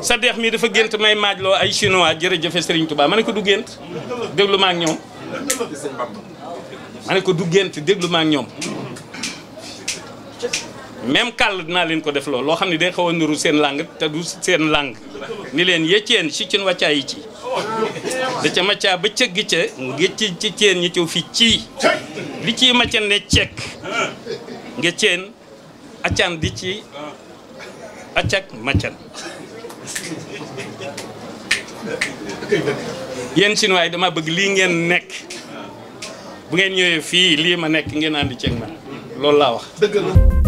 sa deex mi dafa gént may maajloo ay chinois jërëjëfe Serigne Touba ma ne ko du gént déglu ma ne ko du gént déglu ma ak ñoom même kàll dinaa leen ko def loolu loo xam ne day xaw a nuru seen langue te du seen langue ni leen yécceen si cin wàccaa yi ci da ca macca ba cëgg ca ngecci ci ceen ñi ciw fii ci li ci macca ne cek ngecceen accan di ci accak maccan yéen chinois yi dama bëgg lii ngeen nekk bu ngeen ñëwee fii lii ma nekk ngeen àndi ceeg man loolu laa wax.